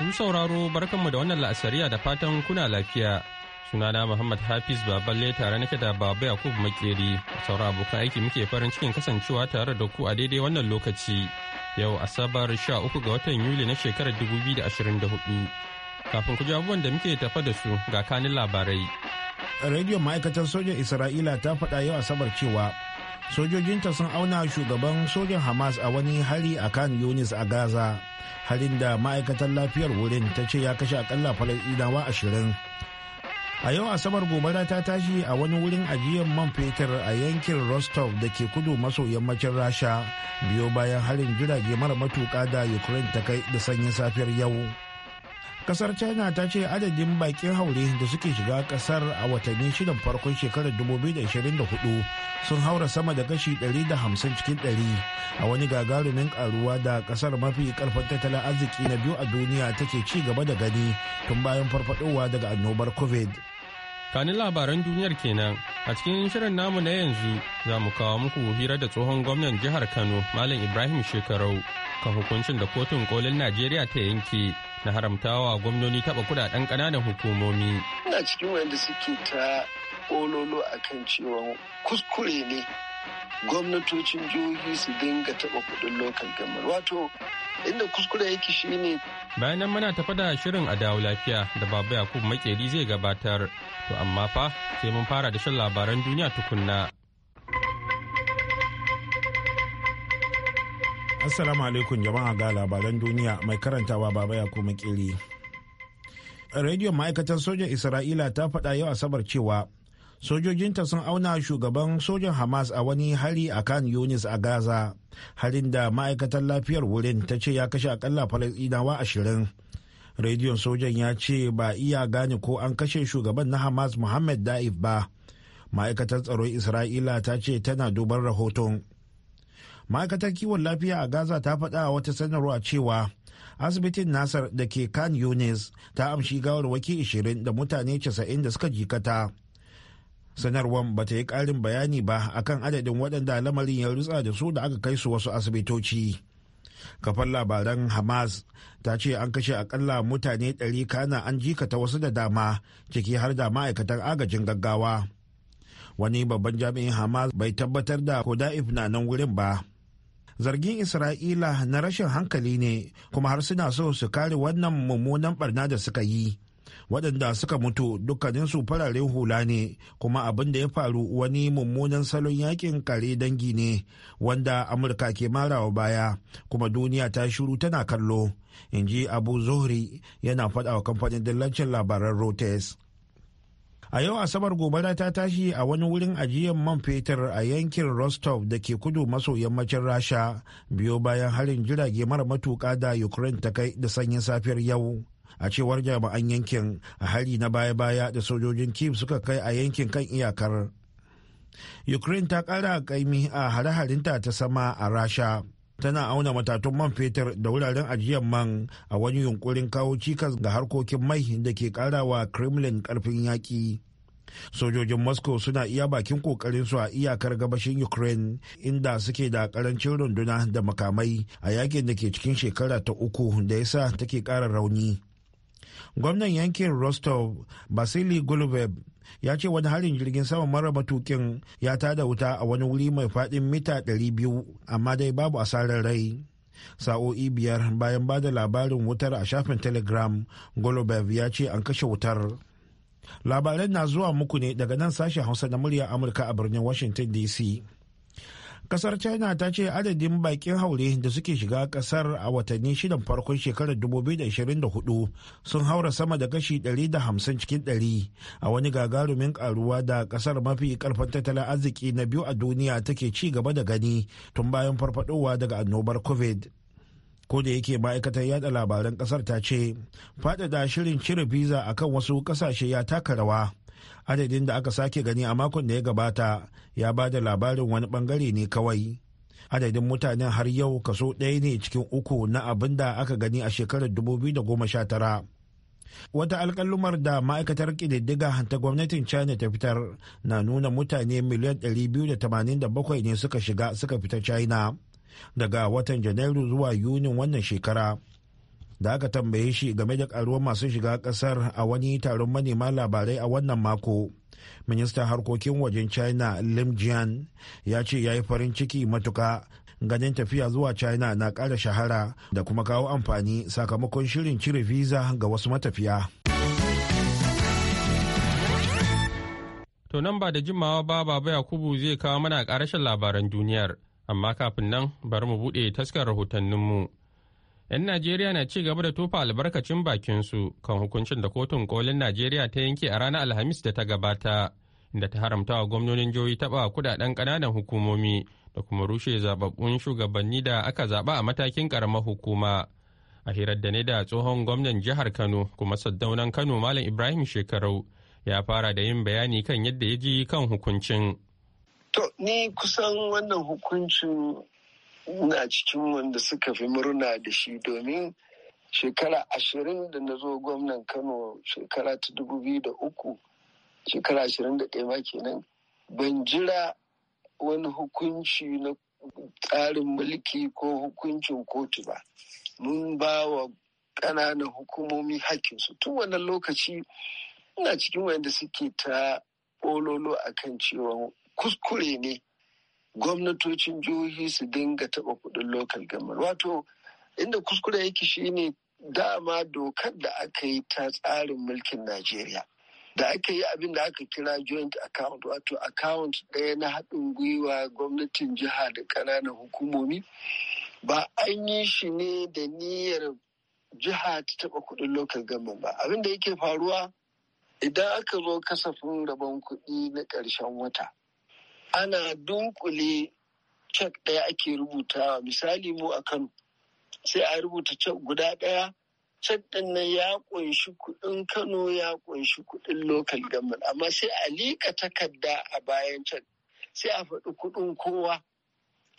Ku sauraro barkanmu da wannan la'asariya da fatan kuna lafiya. Sunana Muhammad Hafiz Baballe tare nake da Baba Yakub Makeri. Saura abokan aiki muke farin cikin kasancewa tare da ku a daidai wannan lokaci. Yau Asabar 13 ga watan Yuli na shekarar 2024. Kafin ku ji abubuwan da muke tafa da su ga kanin labarai. Rediyon ma'aikatar sojan Isra'ila ta faɗa yau Asabar cewa sojojinta sun auna shugaban sojan hamas a wani hari a kan yunis a gaza harin da ma'aikatar lafiyar wurin ta ce ya kashe akalla falasɗinawa ashirin a yau asabar gobara ta tashi a wani wurin ajiyar man fetur a yankin rostov da ke kudu maso yammacin rasha biyo bayan harin jirage mara matuka da ukraine ta kai da sanyin safiyar yau kasar china ta ce adadin bakin haure da suke shiga kasar a watanni shidan farkon shekarar 2024 sun haura sama da kashi 150 cikin 100 a wani gagarumin karuwa da kasar mafi karfin tattalin arziki na biyu a duniya take ci gaba da gani tun bayan farfadowa daga annobar covid kanin labaran duniyar kenan a cikin shirin namu na yanzu za mu kawo muku hira da tsohon gwamnan jihar kano malam ibrahim shekarau kan hukuncin da kotun kolin najeriya ta yanke na haramtawa gwamnoni taɓa kudaden ƙananan hukumomi. Ina cikin wanda suke ta ololo a kan cewa kuskure ne gwamnatocin jihohi su dinga taɓa kuɗin lokal gamar wato inda kuskure yake shi ne. Bayanan mana muna tafa da shirin a dawo lafiya da Baba Yakubu Makeri zai gabatar, to amma fa sai mun fara da shan labaran duniya tukunna. Assalamu alaikum jama'a ga labaran duniya mai karantawa baba ya kuma kiri. Rediyon ma'aikatar sojan Isra'ila ta faɗa yau Asabar cewa sojojinta sun auna shugaban sojan Hamas a wani hari a kan Yunis a Gaza, harin da ma'aikatar lafiyar wurin ta ce ya kashe akalla Falasɗinawa ashirin. Rediyon sojan ya ce ba iya gane ko an kashe shugaban na Hamas Muhammad Da'if ba. Ma'aikatar tsaron Isra'ila ta ce tana duban rahoton. ma'aikatar kiwon lafiya a gaza ta faɗa wata sanarwa cewa asibitin nasar da ke kan yunis ta amshi gawarwaki 20 da mutane 90 da suka jikata sanarwar ba ta yi ƙarin bayani ba akan adadin waɗanda lamarin ya rutsa da su da aka kai su wasu asibitoci kafar labaran hamas ta ce an kashe akalla mutane 100 kana an jikata wasu da dama ciki har da ma'aikatan agajin gaggawa wani babban jami'in hamas bai tabbatar da ko da'if na nan wurin ba zargin isra'ila na rashin hankali ne kuma har suna so su kare wannan mummunan barna da suka yi waɗanda suka mutu dukkaninsu fararen hula ne kuma abin da ya faru wani mummunan salon yakin kare dangi ne wanda amurka ke marawa baya kuma duniya ta shiru tana kallo in ji abu zuhri yana faɗa wa kamfanin dillancin labaran rotes a yau asabar gobe ta tashi a wani wurin ajiyar man fetur a yankin rostov da ke kudu maso yammacin rasha biyo bayan harin jirage mara matuka da ukraine ta kai da sanyin safiyar yau a cewar jami'an yankin a hari na baya-baya da sojojin kiev suka kai a yankin kan iyakar ukraine ta kara kaimi a hare-harinta ta sama a rasha tana auna matatun man fetur da wuraren ajiyar man a wani yunkurin kawo cikas ga harkokin mai da ke karawa kremlin karfin yaƙi sojojin moscow suna iya bakin su a iyakar gabashin ukraine inda suke da karancin runduna da makamai a yakin da ke cikin shekara ta uku da yasa take ƙara rauni gwamnan yankin rostov basili gulubeb ya ce wani harin jirgin sama mara matukin ya tada wuta a wani wuri mai faɗin mita 200 amma dai babu asarar rai sa'o'i biyar bayan ba da labarin wutar a shafin telegram gulubeb ya ce an kashe wutar labaran na zuwa muku ne daga nan sashen hausa na murya amurka a birnin washington dc kasar china ta ce adadin bakin haure da suke shiga kasar a watanni shidan farkon shekarar 2024 sun haura sama da kashi 150 cikin 100 a wani gagarumin karuwa da kasar mafi karfin tattalin arziki na biyu a duniya take ci gaba da gani tun bayan farfadowa daga annobar covid ko da yake ma'aikatar yada labaran kasar ta ce faɗaɗa shirin cire visa akan wasu ƙasashe ya taka rawa adadin da aka sake gani a makon da ya gabata ya ba da labarin wani bangare ne kawai adadin mutanen har yau kaso ɗaya ne cikin uku na abin da aka gani a shekarar 2019 wata alkalumar da ma'aikatar ƙididdiga ta gwamnatin china ta fitar na nuna mutane miliyan 287 ne suka shiga suka fita china daga watan janairu zuwa yunin wannan shekara da aka tambaye shi game da karuwar masu shiga kasar a wani taron manema labarai a wannan mako ministan harkokin wajen china lim jian ya ce ya yi farin ciki matuka ganin tafiya zuwa china na ƙara shahara da kuma kawo amfani sakamakon shirin cire visa ga wasu matafiya to nan ba da jimawa ba baba yakubu zai kawo mana ƙarashin labaran duniyar amma kafin nan bari mu buɗe taskar rahotanninmu. mu 'Yan Najeriya na ci gaba da tofa albarkacin bakinsu kan hukuncin da kotun kolin Najeriya ta yanke a ranar Alhamis da ta gabata, inda ta haramta wa gwamnonin jihohi taɓa kudaden kananan hukumomi da kuma rushe zababbun shugabanni da aka zaɓa a matakin ƙaramar hukuma. A hirar da ne da tsohon gwamnan jihar Kano kuma saddaunan Kano Malam Ibrahim Shekarau ya fara da yin bayani kan yadda ya ji kan hukuncin. To, ni kusan wannan hukuncin ina cikin wanda suka fi murna da shi domin shekara ashirin da na zo gwamnan kano shekara ta dubu biyu da uku shekara ashirin da ɗaya kenan ban jira wani hukunci na tsarin mulki ko hukuncin kotu ba mun ba wa ƙananan hukumomi hakkinsu tun wannan lokaci ina cikin wanda suke ta a akan cewa kuskure ne gwamnatocin jihohi su dinga taɓa kuɗin local government wato inda kuskure yake shine dama dokar da aka yi ta tsarin mulkin najeriya da aka yi abin da aka kira joint account wato account ɗaya na haɗin gwiwa gwamnatin jiha da ƙananan hukumomi ba an yi shi ne da niyyar jiha ta taɓa kuɗin local government ba abin da yake faruwa idan aka zo kasafin rabon kuɗi na ƙarshen wata ana dunkule cek ɗaya ake rubutawa misali mu a kano sai a rubuta cek guda ɗaya cek ɗin nan ya ƙunshi kuɗin kano ya ƙunshi kuɗin local government amma sai a liƙa takarda a bayan cek sai a faɗi kuɗin kowa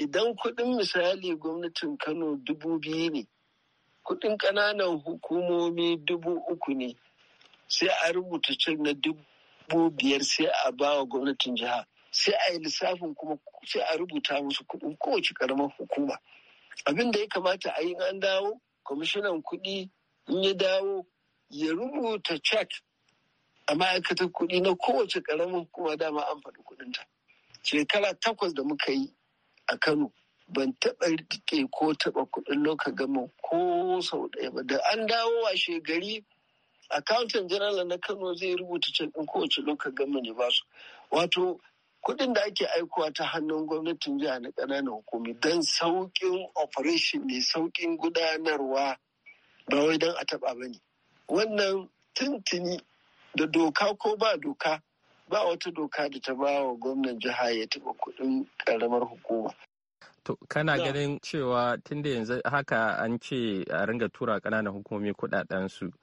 idan kuɗin misali gwamnatin kano dubu biyu ne kuɗin ƙananan hukumomi dubu uku ne sai a rubuta cek na dubu biyar sai a ba wa gwamnatin jihar. sai a yi lissafin kuma sai a rubuta musu kuɗin kowace ƙaramin hukuma abin da ya kamata a yi an dawo kwamishinan kuɗi in ya dawo ya rubuta chat a ma'aikatar kuɗi na kowace ƙaramin hukuma dama an faɗi kuɗinta shekara takwas da muka yi a kano ban taɓa riƙe ko taɓa kuɗin loka gama ko sau ɗaya ba da an dawo a shegari accountant general na kano zai rubuta cek ɗin kowace loka gama ne ba su wato kuɗin da ake aikowa ta hannun gwamnatin jiha na ƙananan hukumi don sauƙin operation ne sauƙin gudanarwa ba wai don a taɓa ba ne wannan tuntuni da doka ko ba doka ba wata doka da ta ba wa gwamnan jiha ya taɓa kuɗin ƙaramar hukuma To, kana ganin cewa tun da yanzu haka an ce a ringa tura ƙananan hukumomi kuɗaɗensu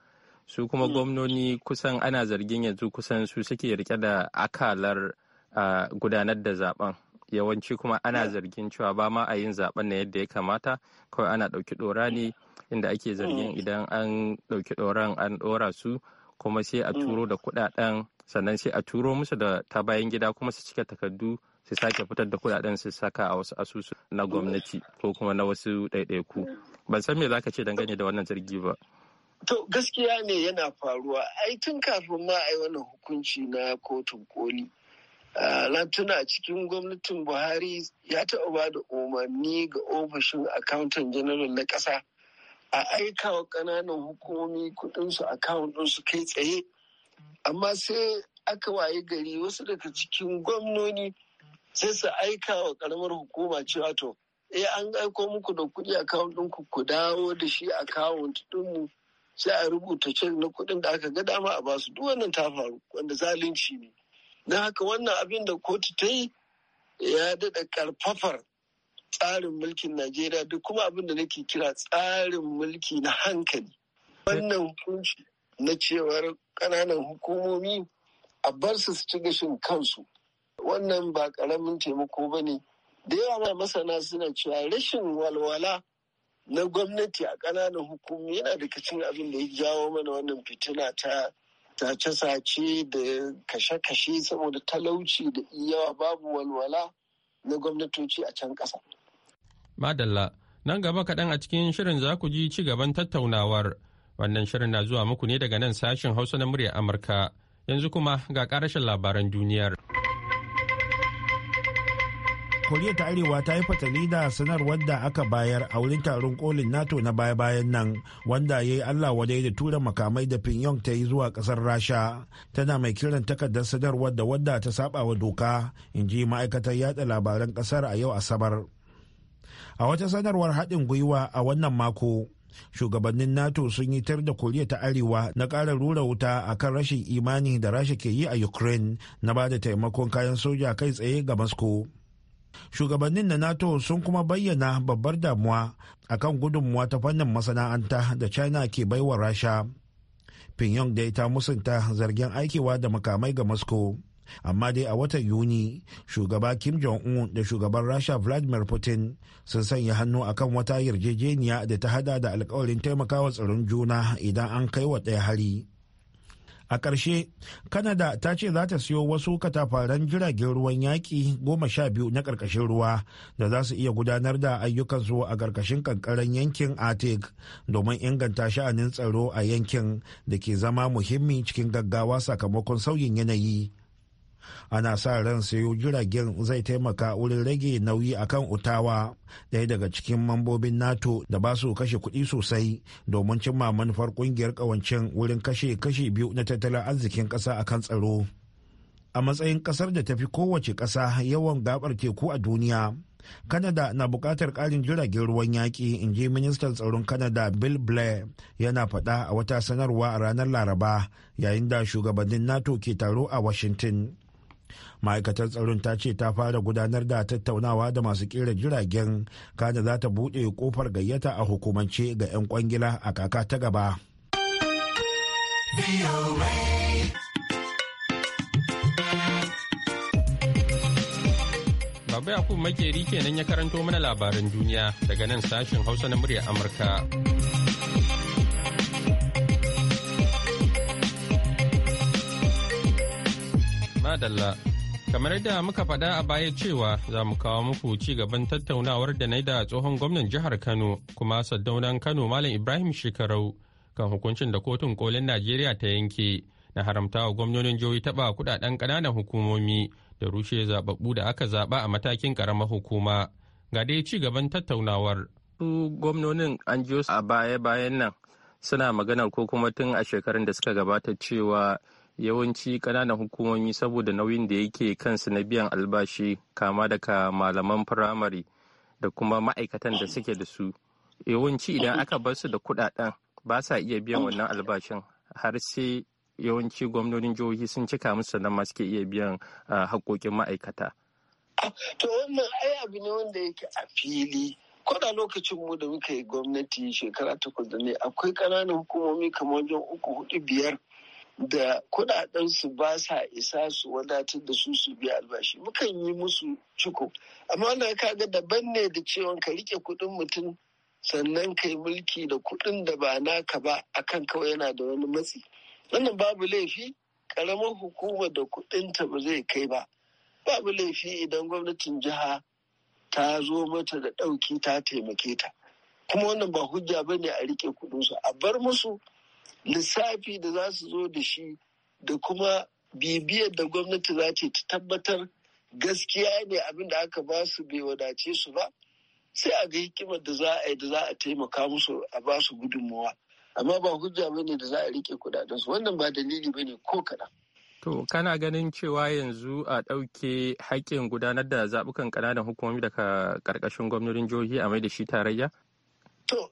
su kuma hmm. gwamnoni kusan ana zargin yanzu kusan su suke rike da akalar a gudanar da zaben yawanci kuma ana zargin cewa ba ma a yin zaben na yadda ya kamata kawai ana ɗauki ɗora ne inda ake zargin mm. idan an ɗauki doran an ɗora su kuma sai a turo mm. da kuɗaɗen sannan sai a turo musu da ta bayan gida kuma su cika takardu su sake fitar da kuɗaɗen su saka a wasu asusu na gwamnati ko kuma na wasu ɗaiɗaiku ban san me zaka ce dangane da wannan zargi ba. To gaskiya ne yana faruwa ai tun kafin ma ai wannan hukunci na kotun koli na tuna cikin gwamnatin buhari ya taɓa ba da umarni ga ofishin accountant general na ƙasa a aika wa ƙananan hukumomi kuɗinsu account kai tsaye amma sai aka waye gari wasu daga cikin gwamnoni sai su aika wa ƙaramar hukuma cewa to eh an aiko muku da kuɗi account ɗinku ku dawo da shi account ɗinmu sai a rubuta cin na kuɗin da aka ga dama a basu duk wannan ta faru wanda zalunci ne don haka wannan abin da kotu ta yi ya daɗa ƙarfafar tsarin mulkin najeriya duk kuma abin da nake kira tsarin mulki na hankali wannan hukunci na cewar ƙananan hukumomi a bar su su ci gashin kansu wannan ba ƙaramin taimako ba ne da yawa masana suna cewa rashin walwala na gwamnati a ƙananan hukumomi yana da cin abin da ya jawo mana wannan fitina ta sace-sace da kashe-kashe saboda talauci da iyawa babu walwala na gwamnatoci a can ƙasa. Madalla, nan gaba kaɗan a cikin shirin za ku ji ci gaban tattaunawar. Wannan shirin na zuwa muku ne daga nan sashen Hausa na muryar Amurka. Yanzu kuma ga ƙarashin labaran duniyar. koriya ta arewa ta yi fatali da sanarwar da aka bayar a wurin taron kolin nato na baya-bayan nan wanda ya yi allah wadai da tura makamai da pyongyang ta yi zuwa kasar rasha tana mai kiran takardar sanarwar da wadda ta saba wa doka in ji ma'aikatar yada labaran kasar a yau asabar a wata sanarwar haɗin gwiwa a wannan mako shugabannin nato sun yi tar da koriya ta arewa na ƙara rura wuta a kan rashin imani da rasha ke yi a ukraine na ba da taimakon kayan soja kai tsaye ga moscow shugabannin na nato sun kuma bayyana babbar damuwa akan gudunmuwa ta fannin masana'anta da china ke baiwa rasha pyongyang dai ta musunta zargin aikewa da makamai ga moscow amma dai a watan yuni shugaba kim jong-un da shugaban rasha vladimir putin sun sanya hannu akan wata yarjejeniya da ta hada da alkawarin taimakawa tsaron juna idan an kai wa ɗaya hari a ƙarshe kanada ta ce za ta siyo wasu katafaren jiragen ruwan yaƙi goma sha biyu na ƙarƙashin ruwa da za su iya gudanar da ayyukansu a ƙarƙashin ƙanƙaran yankin arctic domin inganta sha'anin tsaro a yankin da ke zama muhimmi cikin gaggawa sakamakon sauyin yanayi ana sa ran sayo jiragen zai taimaka wurin rage nauyi akan utawa daya daga cikin mambobin nato da ba su kashe kuɗi sosai domin cimma manufar ƙungiyar ƙawancen wurin kashe kashe biyu na tattalin arzikin ƙasa akan tsaro a matsayin ƙasar da tafi kowace ƙasa yawan gabar teku a duniya kanada na buƙatar ƙarin jiragen ruwan yaƙi in ji ministan tsaron kanada Bill Blair yana faɗa a wata sanarwa a ranar Laraba yayin da shugabannin NATO ke taro a Washington. ma'aikatar tsaron ta ce ta fara gudanar da tattaunawa da masu kera jiragen kada za ta buɗe kofar gayyata a hukumance ga 'yan kwangila a kaka ta gaba Baba yakub Makeri kenan ya karanto mana labaran duniya daga nan sashen Hausa na murya Amurka. madalla. Kamar yadda muka faɗa a baya cewa za mu kawo muku ci gaban tattaunawar da na da tsohon gwamnan jihar Kano kuma saddaunan Kano Malam Ibrahim Shekarau kan hukuncin da kotun kolin Najeriya ta yanke na haramta wa gwamnonin jihohi taɓa kuɗaɗen ƙananan hukumomi da rushe zaɓaɓɓu da aka zaɓa a matakin ƙaramar hukuma. Ga dai ci gaban tattaunawar. Su gwamnonin an jiyo a baya-bayan nan suna magana ko kuma tun a shekarun da suka gabata cewa yawanci kananan hukumomi saboda nauyin da yake kansu na biyan albashi kama daga malaman firamare da kuma ma'aikatan da suke da su yawanci idan aka bar su da kuɗaɗen ba sa iya biyan wannan albashin har sai yawanci gwamnonin jihohi sun cika musu sannan ma suke iya biyan haƙoƙin ma'aikata. To wannan ai abu ne wanda yake a fili. Kwada lokacin mu da muka yi gwamnati shekara takwas da ne akwai kananan hukumomi kamar wajen uku hudu biyar da su ba sa isa su wadatar da su su biya albashi mukan yi musu ciko amma wannan ga daban ne da cewa ka rike kudin mutum sannan kai mulki da kudin da ba naka ba akan kawai yana da wani matsi wannan babu laifi karamar hukuma da kudinta ba zai kai ba babu laifi idan gwamnatin jiha ta zo mata da ɗauki ta taimake ta kuma wannan ba hujja bane a rike su a bar musu lissafi da za su zo da shi da kuma bibiyar da gwamnati za ce ta tabbatar gaskiya ne abin da aka ba su bai wadace su ba sai a ga hikimar da za a yi da za a taimaka musu a ba su gudunmawa amma ba hujja ba ne da za a rike su wannan ba dalili ba ne ko kaɗan. To, kana ganin cewa yanzu a ɗauke haƙƙin gudanar da zaɓukan ƙananan hukumomi daga ƙarƙashin gwamnonin jihohi a mai da shi tarayya? To,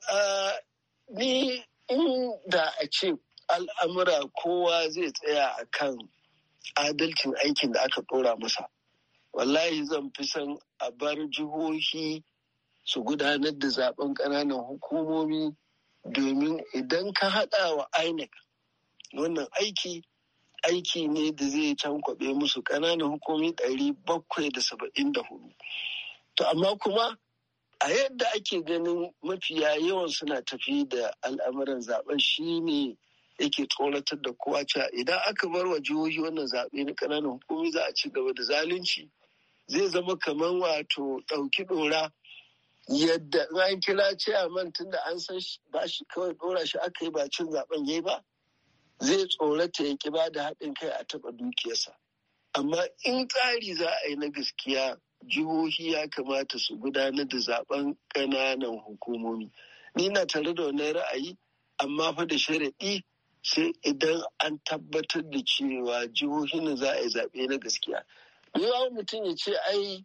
ni In da a ce al'amura kowa zai tsaya a kan adalcin aikin da aka ɗora masa wallahi zan fi son a bar jihohi su gudanar da zaben ƙananan hukumomi domin idan ka haɗa wa inec wannan aiki aiki ne da zai cankwaɓe musu ƙananan hukumomi ɗari bakwai da saba'in da hudu to amma kuma a yadda ake ganin mafiya yawan suna tafi da al'amuran zaben shine yake tsoratar da kowa cewa idan aka bar wa jihohi wannan zaɓe na ƙananan hukumi za a ci gaba da zalunci zai zama kamar wato ɗauki ɗora yadda an kira ciyaman tun da an san ba shi kawai ɗora shi aka yi ba cin zaɓen yayi ba zai tsorata ya ƙi ba da haɗin kai a taɓa dukiyarsa amma in tsari za a yi na gaskiya jihohi ya kamata su gudanar da zaben ƙananan hukumomi ni na tare da wani ra'ayi amma fa da sharaɗi sai idan an tabbatar da cewa jihohin za a yi zaɓe na gaskiya yawa mutum ya ce ai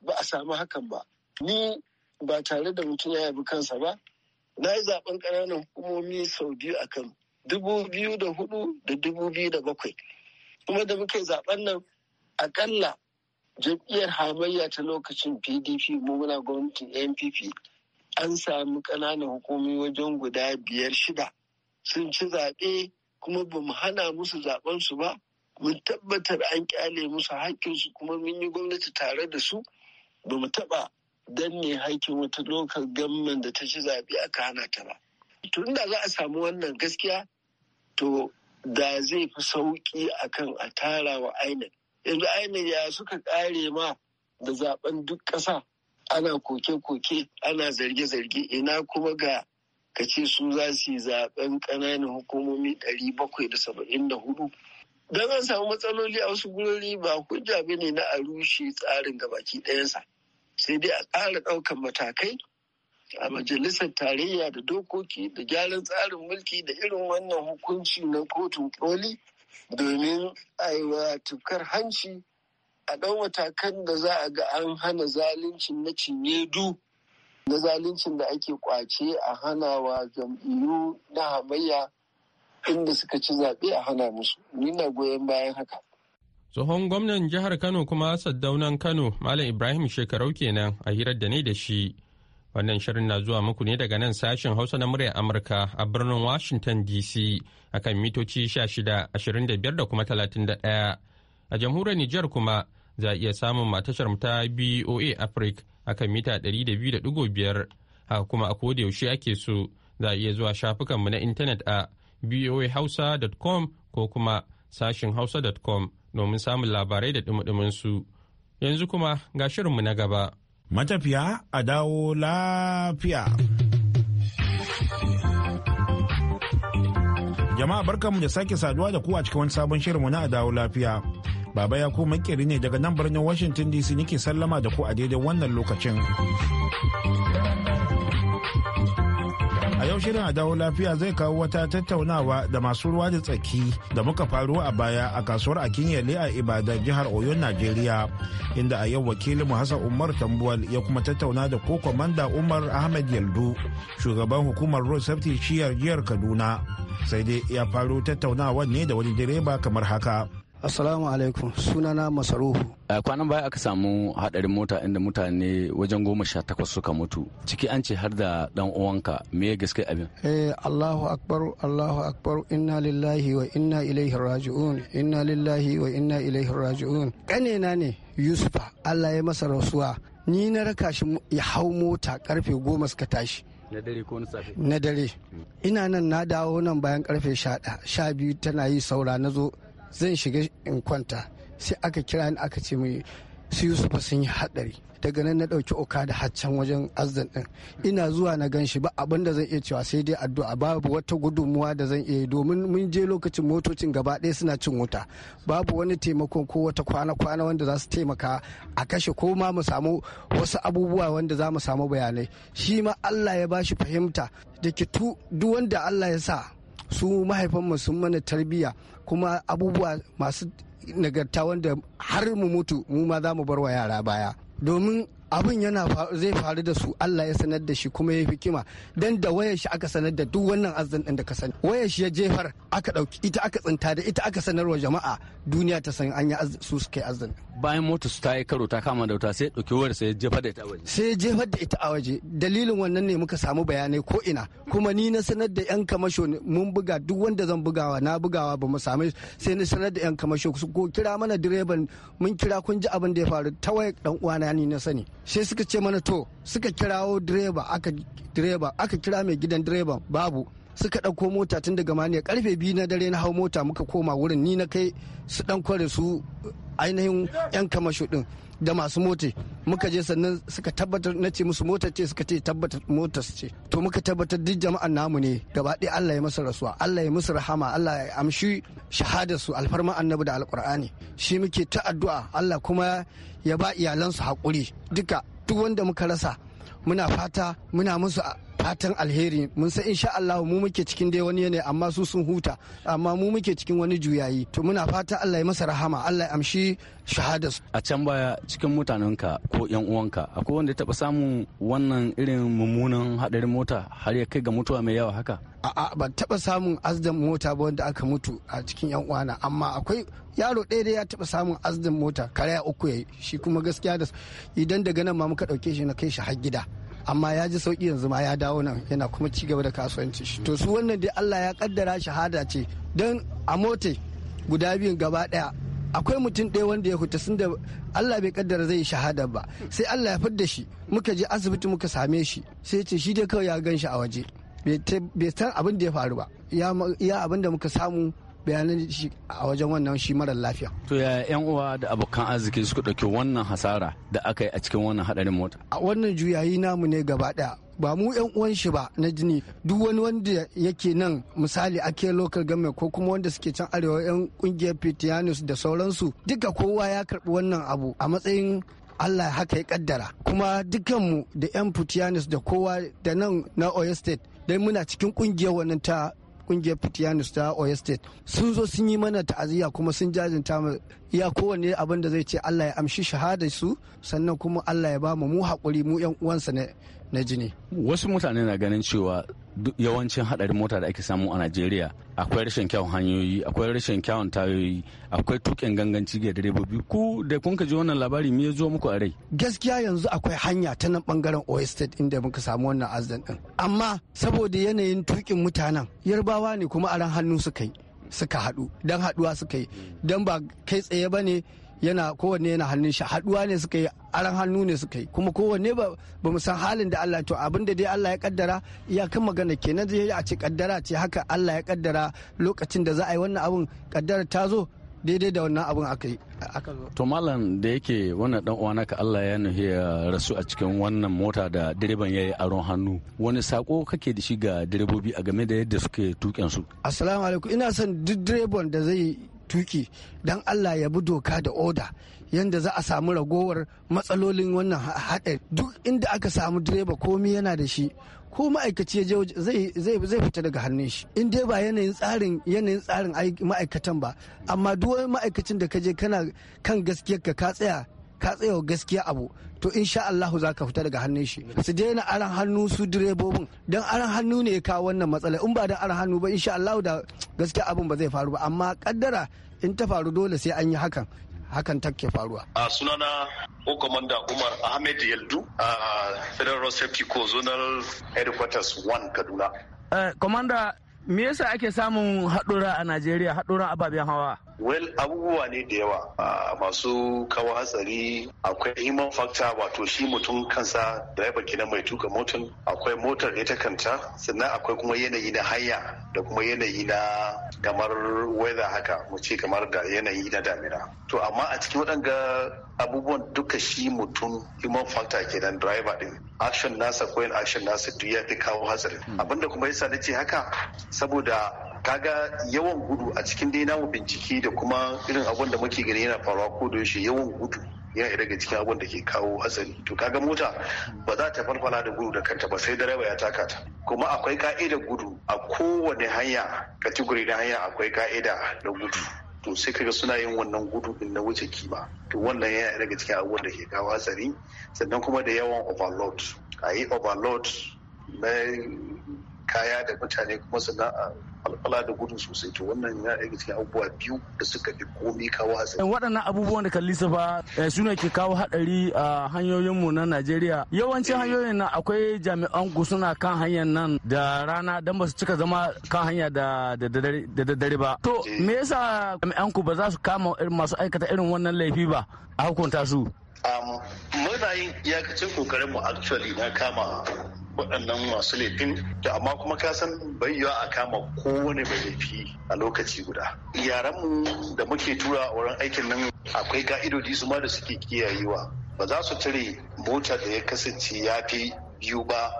ba a samu hakan ba ni ba tare da mutum ya yabi kansa ba na yi zaben ƙananan hukumomi sau biyu a kan dubu biyu da hudu da dubu biyu da bakwai kuma da muka yi zaben nan akalla jam'iyyar hamayya ta lokacin pdp muna gwamnatin npp an sami ƙananan hukumi wajen guda biyar shida sun ci zaɓe kuma ba mu hana musu zaɓensu ba mun tabbatar an kyale musu haƙƙinsu kuma mun yi gwamnati tare da su ba mu taɓa danne haƙƙin wata lokal gamman da ta ci zaɓe aka hana ta ba tun da za a samu wannan gaskiya to da zai fi sauƙi akan a tara wa INEC yanzu ainihin ya suka kare ma da zaben duk ƙasa ana koke-koke ana zarge-zarge ina kuma ga ka ce su za su yi zaben ƙananan hukumomi 774 don an samu matsaloli a wasu gurori ba hujja ba ne na a rushe tsarin gabaki ɗayansa sai dai a ƙara ɗaukan matakai a majalisar tarayya da dokoki da gyaran tsarin mulki da irin wannan hukunci na kotun koli domin aiwa tukar hanci a ɗan matakan da za a ga an hana zaluncin na cinyedu na zaluncin da ake kwace a hana wa jam'iyyu na hamayya inda suka ci zaɓe a hana musu ni na goyon bayan haka tsohon gwamnan jihar kano kuma saddaunan kano malam ibrahim shekarau kenan a hirar da ne da shi Wannan shirin na zuwa muku ne daga nan sashen Hausa na muryar Amurka a birnin Washington DC akan mitoci 16, da kuma 31. A jamhuriyar Nijar kuma za a iya samun matashar ta BOA Africa akan mita 200.5 haka kuma a koda yaushe ake so za a iya zuwa shafukanmu na intanet a boahausa.com ko kuma sashin hausa.com domin samun labarai da dumudumin su. Yanzu kuma ga shirinmu na gaba. Matafiya a dawo lafiya. Jama'a barkanmu da sake saduwa da ku a cikin wani sabon shirinmu na a dawo lafiya. Baba ya ku makeri ne daga nan birnin Washington DC nake sallama da ku a daidai wannan lokacin. A yau shirin a dawo lafiya zai kawo wata tattaunawa da masu ruwa da tsaki da muka faru a baya a kasuwar Akinyele a Ibadan jihar Oyo Najeriya inda a yau wakilin mu Hassan Umar Tambuwal ya kuma tattauna da ko kwamanda Umar Ahmed Yaldu shugaban hukumar Road Safety Shiyar jihar Kaduna sai dai ya faru tattaunawa ne da wani direba kamar haka. Assalamu alaikum sunana Masaruhu. A kwanan baya aka samu hadarin mota inda mutane wajen goma sha takwas suka mutu. Ciki an ce har da dan uwanka me ya gaske abin? Eh Allahu akbar Allahu akbar inna lillahi wa inna ilaihi raji'un inna lillahi wa inna ilaihi raji'un. Kanena ne Yusufa Allah ya masa rasuwa ni na raka shi ya hau mota karfe goma suka tashi. na dare ko na safe na dare hmm. ina nan na dawo nan bayan karfe sha biyu tana yi saura na zo zan shiga in kwanta sai aka kira ni aka ce mai su yusufa sun yi haɗari daga nan na ɗauki oka da haccan wajen azdan ɗin ina zuwa na gan shi ba abin da zan iya cewa sai dai addu'a babu wata gudunmuwa da zan iya yi domin mun je lokacin motocin gaba ɗaya suna cin wuta babu wani taimakon ko wata kwana-kwana wanda za su taimaka a kashe ko ma mu samu wasu abubuwa wanda za mu samu bayanai shi ma Allah ya bashi fahimta da ki duk wanda Allah ya sa su mahaifanmu sun mana tarbiyya kuma abubuwa masu nagarta wanda har mu mutu mu ma za mu bar wa yara baya domin abin yana zai faru da su Allah ya sanar da shi kuma ya fi kima dan da wayar shi aka sanar da duk wannan azan din da ka sani wayar shi ya jefar aka dauki ita aka tsinta da ita aka sanar wa jama'a duniya ta san an yi su suka yi bayan motar su ta yi karo ta kama da wuta sai dauki wayar sai ya jefar da ita a waje sai ya jefar da ita a waje dalilin wannan ne muka samu bayanai ko ina kuma ni na sanar da yan kamasho mun buga duk wanda zan bugawa na bugawa ba mu same sai na sanar da yan kamasho ko kira mana direban mun kira kun ji abin da ya faru ta wayar dan uwana ni na sani sai suka ce mana to suka kirawo direba aka direba aka kira mai gidan direban babu suka ɗauko mota tun daga maniya karfe biyu na dare na hau mota muka koma wurin ni na kai su ɗan kware su ainihin yan kamasho din da masu mota muka je sannan suka tabbatar na ce musu motar ce suka ce tabbatar motar ce to muka tabbatar duk jama'an namu ne gaba ɗaya Allah ya masa rasuwa Allah ya musu rahama Allah ya amshi shahadar su alfarma annabi da alqur'ani shi muke ta addu'a Allah kuma ya ba iyalansu haƙuri duka duk wanda muka rasa muna fata muna musu fatan alheri mun san insha Allah mu muke cikin dai wani ne amma su sun huta amma mu muke cikin wani juyayi to muna fata Allah ya masa rahama Allah ya amshi shahada a can baya cikin mutanenka ko yan uwanka akwai wanda ya taba samun wannan irin mummunan hadarin mota har ya kai ga mutuwa mai yawa haka a'a ban taba samun azdan mota ba wanda aka mutu a cikin yan uwana amma akwai yaro ɗaya da ya taba samun azdan mota kare uku yayi shi kuma gaskiya da idan daga nan ma muka ɗauke shi na kai shi har gida amma ya ji sauki yanzu ma ya dawo nan yana kuma ci gaba da kasuwanci to su wannan dai Allah ya kaddara shahada ce dan a mote guda biyun gaba daya akwai mutum ɗaya wanda ya huta sun da Allah bai kaddara zai shahada ba sai Allah ya fidda shi muka je asibiti muka same shi sai ce shi dai kawai ya gan shi a waje bai san abin da ya faru ba ya abin da muka samu bayanan shi a wajen wannan shi marar lafiya. To ya yan uwa da abokan arziki suka ɗauki wannan hasara da aka yi a cikin wannan haɗarin mota? A wannan juyayi namu ne gaba ɗaya. ba mu yan uwan shi ba na jini duk wani wanda yake nan misali ake local government ko kuma wanda suke can arewa yan kungiyar pitianus da sauransu duka kowa ya karbi wannan abu a matsayin Allah haka ya kaddara kuma dukkanmu da yan putianis da kowa da nan na oyo state dai muna cikin kungiyar wannan ta kungiyar fitiyanus ta oyo state sun zo sun yi mana ta'aziyya kuma sun jajinta mu iya kowanne abin da zai ce allah ya amshi shahadar su sannan kuma allah ya ba mu mu haƙuri mu yan uwansa ne na jini wasu mutane na ganin cewa yawancin hadarin mota da ake samu a najeriya akwai rashin kyawun hanyoyi akwai rashin kyawun tayoyi akwai tukin ganganci ga direbobi ku da kun ji wannan labari me ya zo muku a rai gaskiya yanzu akwai hanya ta nan bangaren Oyo state inda muka samu wannan azan din amma saboda yanayin tukin mutanen yarbawa ne kuma a hannu suka yi suka haɗu don haɗuwa suka yi don ba kai tsaye ba ne yana kowanne yana hannun shi haduwa ne suka yi aran hannu ne suka yi kuma kowanne ba mu san halin da Allah to abin da dai Allah ya kaddara iyakan magana kenan zai yi a ce kaddara ce haka Allah ya kaddara lokacin da za a yi wannan abun kaddara ta zo daidai da wannan abun aka yi to malam da yake wannan dan uwa naka Allah ya nuhi ya rasu a cikin wannan mota da direban yayi aron hannu wani sako kake da shi ga direbobi a game da yadda suke tuken su assalamu alaikum ina son duk direban da zai tuki don allah ya bi doka da oda yadda za a samu ragowar matsalolin wannan haɗari duk inda aka samu direba komi yana da shi ko ma'aikaci zai fita daga hannun shi in dai ba yanayin tsarin yanayin tsarin ma'aikatan ba amma duk wani ma'aikacin da ka je kana kan gaskiyar ka tsaya ka tsaya gaskiya abu to insha Allahu za ka fita daga hannun shi su daina aran hannu su direbobin don aran hannu ne ya kawo wannan matsala in ba da aran hannu ba insha Allahu da gaskiya abin ba zai faru ba amma kaddara in ta faru dole sai an yi hakan hakan take faruwa. A sunana ko Umar Ahmed Yaldu a Federal Safety Co Zonal Headquarters 1 Kaduna. Komanda, eh, me yasa ake samun haɗura a Najeriya haɗura ababen hawa? well abubuwa ne da yawa masu kawo hatsari akwai human factor wato shi mutum kansa driver kenan mai tuka motar akwai motar da ita kanta sannan akwai kuma yanayi na hanya da kuma yanayi na kamar weather haka mu ce kamar da yanayi na damina to amma a cikin waɗanga abubuwan duka shi mutum human factor kenan driver din action nasa ko action nasa duk ya fi kawo hatsari hmm. abinda kuma yasa nace haka saboda kaga yawan gudu a cikin dai namu bincike da kuma irin abun da muke gani yana faruwa ko da yaushe yawan gudu yana daga cikin abun da ke kawo hatsari to kaga mota ba za ta falfala da gudu da kanta ba sai direba ya taka ta kuma akwai ka'ida gudu a kowane hanya kategori na hanya akwai ka'ida na gudu to sai kaga suna yin wannan gudu din na wuce kima to wannan yana daga cikin abun da ke kawo hatsari sannan kuma da yawan overload a yi overload na kaya da mutane kuma sannan falfala da gudu sosai to wannan ya ɗaya cikin abubuwa biyu da suka fi komi kawo hatsari. waɗannan abubuwan da kan ba eh, su ne ke kawo haɗari a hanyoyin mu na najeriya yawancin hanyoyin na akwai jami'an suna kan hanyar nan da rana don ba su cika zama kan hanya da daddare ba to eh. me yasa jami'an ku ba za su kama masu aikata irin wannan laifi ba a hukunta su um, muna yin iyakacin kokarin mu actually na kama waɗannan masu laifin da amma kuma ka san bayyawa a kama kowane mai laifi a lokaci guda yaranmu da muke tura a wurin aikin nan akwai ka'idodi su ma da suke kiyayewa ba za su tare mota da ya kasance ya fi biyu ba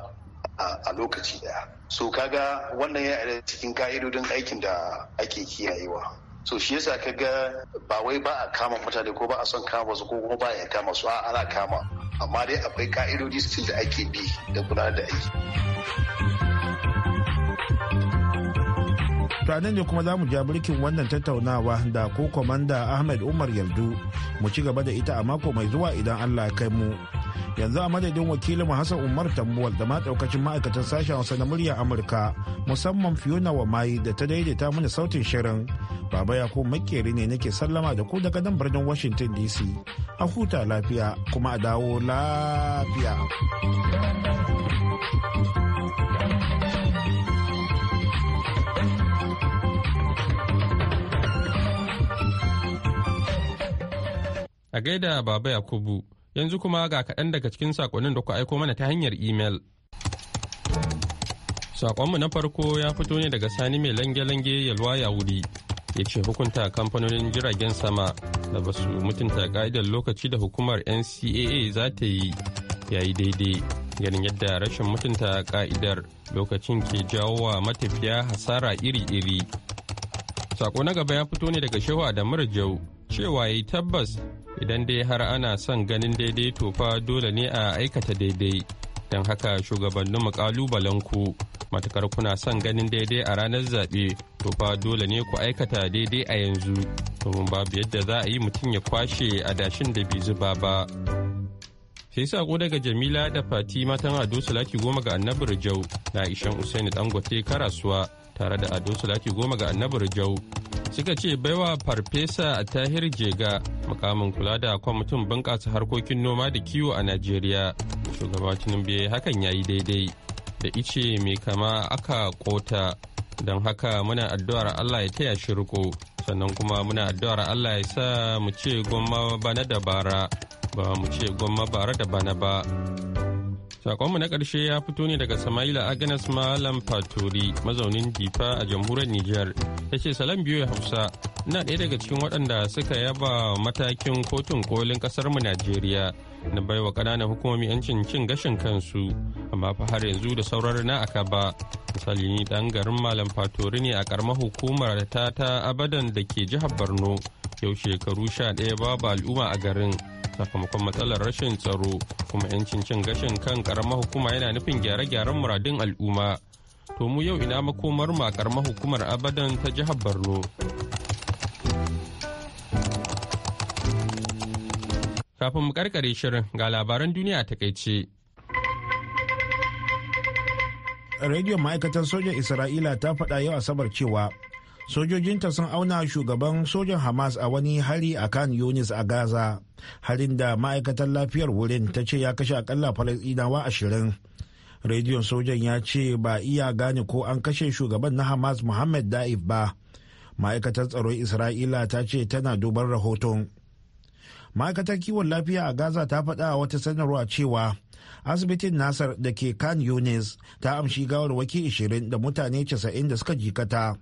a lokaci daya so kaga wannan yana cikin ka'idodin aikin da ake kiyayewa so shi yasa kaga ba wai ba a kama mutane ko ba a son kama su ko kuma ba ya kama su a ana kama amma dai akwai ka'idodi still da ake bi da gudanar da aiki. To nan ne kuma za mu ja birkin wannan tattaunawa da ko kwamanda Ahmed Umar Yardu mu ci gaba da ita a mako mai zuwa idan Allah kai mu yanzu a madadin wakilin hassan umar tambuwal da ma ma'aikatan sashen hausa na murya amurka musamman fiona wa mayi da ta daidaita mana sautin shirin baba ya makeri ne nake sallama da ku daga nan birnin washington dc a huta lafiya kuma a dawo lafiya a gaida baba yakubu Yanzu kuma ga kaɗan daga cikin saƙonin da ku aiko mana ta hanyar imel. Saƙonmu na farko ya fito ne daga Sani mai lange-lange yalwa ya wuri. Ya ce hukunta kamfanonin jiragen sama da ba su mutunta ka'idar lokaci da hukumar NCAA za ta yi yayi daidai. Ganin yadda rashin mutunta ka'idar lokacin ke jawo wa matafiya hasara iri-iri. saƙo na gaba ya fito ne daga Shehu Adamu Rajau cewa yi tabbas idan dai har ana son ganin daidaito fa dole ne a aikata daidai don haka shugabanninmu kalubalen ku matukar kuna son ganin daidai a ranar zaɓe to fa dole ne ku aikata daidai a yanzu domin babu yadda za a yi mutum ya kwashe a dashin da bai zuba ba sai sako daga jamila da fati matan ado salaki goma ga annabi jau na ishan usaini dangote karasuwa tare da ado salaki goma ga annabi jau. suka ce baiwa farfesa a tahir jega makamin kula da kwamitin bunƙasa harkokin noma da kiwo a najeriya shugaba tunan hakan ya yi daidai da ice mai kama aka kota don haka muna addu'ar allah ya taya shi sannan kuma muna addu'ar allah ya sa mu ce gwamma bana da bara ba mu ce gwamma bara da bana ba Sakonmu na ƙarshe ya fito ne daga Samaila Agnes Malam Faturi mazaunin Difa a jamhuriyar Nijar. Ta ce salam biyu Hausa, ina ɗaya daga cikin waɗanda suka yaba matakin kotun kolin ƙasarmu Najeriya na baiwa ƙananan hukumomi 'yancin cin gashin kansu, amma fa har yanzu da sauran na aka ba. Misali ni ɗan garin Malam Faturi ne a ƙaramar hukumar ta ta Abadan da ke jihar Borno. Yau shekaru sha ɗaya babu al'umma a garin. sakamakon matsalar rashin tsaro kuma 'yancin cin gashin kan karamar hukuma yana nufin gyare-gyaren muradin al'umma to mu yau ina makomar ma karamar hukumar abadan ta jihar borno kafin mu karkare shirin ga labaran duniya takaice rediyon ma'aikatar sojan isra'ila ta faɗa yau asabar cewa sojojinta sun auna shugaban sojan hamas a wani hari a kan yunis a gaza harin da ma'aikatar lafiyar wurin ta ce ya kashe akalla falasɗinawa ashirin rediyon sojan ya ce ba iya gane ko an kashe shugaban na hamas muhammad da'if ba ma'aikatar tsaron isra'ila ta ce tana duban rahoton ma'aikatar kiwon lafiya a gaza ta faɗa a wata sanarwa cewa asibitin nasar da ke kan yunis ta amshi gawar gawarwaki 20 da mutane 90 da suka jikata.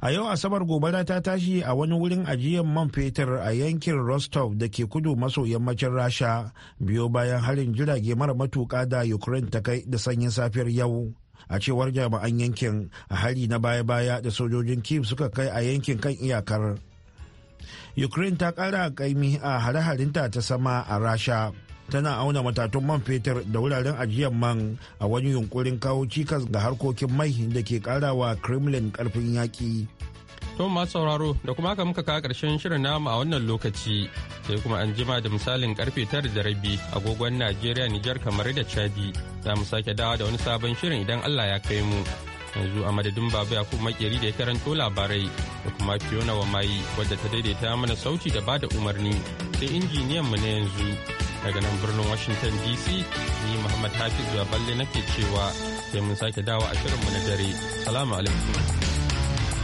a yau asabar gobara ta tashi a wani wurin ajiyar man fetur a yankin rostov da ke kudu maso yammacin rasha biyo bayan harin jirage mara matuka da ukraine ta kai da sanyin safiyar yau a cewar jami'an yankin a hari na baya-baya da sojojin kiev suka kai a yankin kan iyakar ukraine ta kara kaimi a hare-harinta ta sama a rasha tana auna matatun man fetur da wuraren ajiyar man a wani yunkurin kawo cikas ga harkokin mai da ke karawa kremlin karfin yaƙi Tom masu sauraro da kuma haka muka kawo karshen shirin namu a wannan lokaci sai kuma an jima da misalin karfe tara da rabi agogon najeriya nijar kamar da chadi za mu sake dawa da wani sabon shirin idan allah ya kai mu yanzu a madadin baba ya kuma makeri da ya karanto labarai da kuma fiona wa mayi wadda ta daidaita mana sauti da bada umarni sai injiniyan mu na yanzu daga nan birnin washington dc ni muhammad hafiz balle nake cewa sai mun sake dawo a shirinmu na dare salamu alaikum